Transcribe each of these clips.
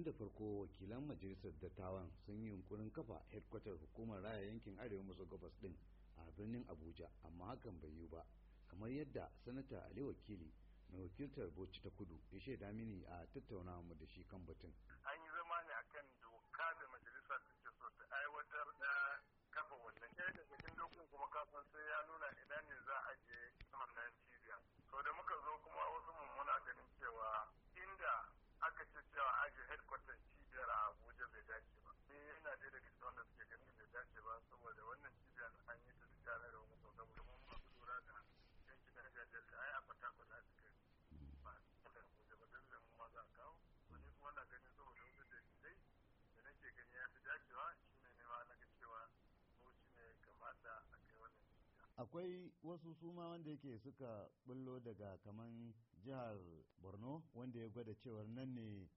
tun da farko wakilan majalisar dattawan sun yi yunkurin kafa hedkwatar hukumar raya yankin arewa maso gabas din a birnin abuja amma hakan bai yiwu ba kamar yadda sanata ali wakili mai wakiltar bauchi ta kudu ya shaida mini a tattaunawa mu da shi kan batun an yi zama ne akan doka da majalisa da ke so ta aiwatar akwai wasu suma wanda yake suka bullo daga kaman jihar borno wanda ya gwada cewar nan ne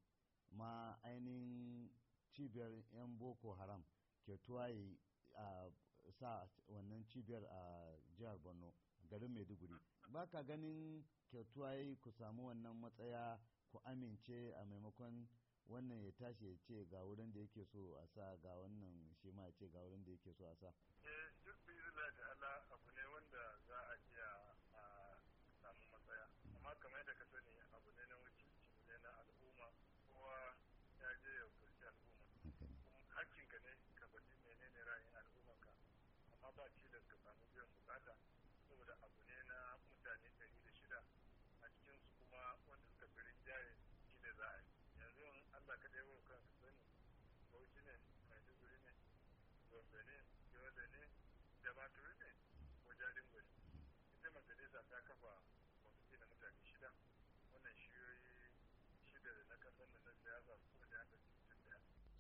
ma ainihin cibiyar 'yan boko haram ke tuwaye a sa wannan cibiyar a jihar borno garin maiduguri ba ka ganin kyautuwaye ku samu wannan matsaya ku amince a maimakon wannan ya tashi ya ce ga wurin da yake so a sa ga wannan shi ma ya ce ga wurin da yake so a sa. Eh, duk bizila da ala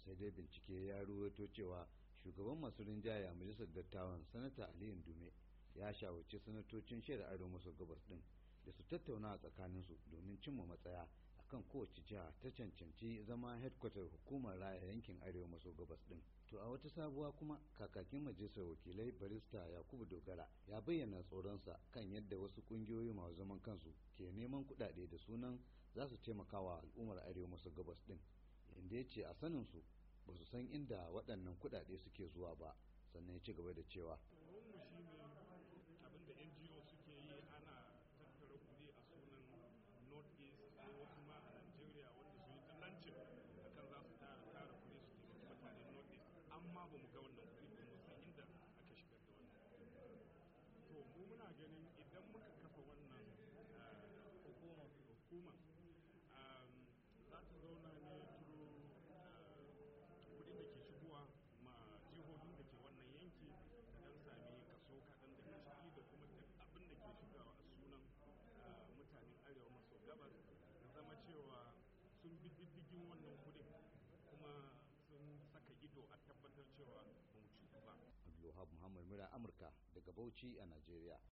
sai dai bincike ya ruwato cewa shugaban masu rinjaye a majalisar dattawan sanata aliyu dume ya shawarci sanatocin shaida arewa maso gabas din da su tattauna a tsakaninsu domin cimma matsaya akan kowace jiha ta cancanci zama headquarter hukumar raya yankin arewa maso gabas din to a wata sabuwa kuma kakakin majalisar wakilai barista yakubu dogara ya bayyana tsoronsa kan yadda wasu kungiyoyi masu zaman kansu ke neman kudade da sunan za su taimakawa al'ummar arewa maso gabas din inda ya ce a saninsu ba su san inda waɗannan kuɗaɗe suke zuwa ba sannan ya ci gaba da cewa abinda ngo suke yi ana tattara kuɗi a sunan north east ko wasu ma a nigeria wanda su yi ta lancin akan za su tara kuɗi su taimaki mutanen north east amma ba mu ga wannan kuɗi ba mu san inda aka shigar da wannan to mu muna ganin idan muka kafa wannan eh, hukuma diddigin wannan kudin kuma sun saka ido a tabbatar cewa ba mu cutu ba. Abdullahi Muhammad Mura Amurka daga Bauchi a Najeriya.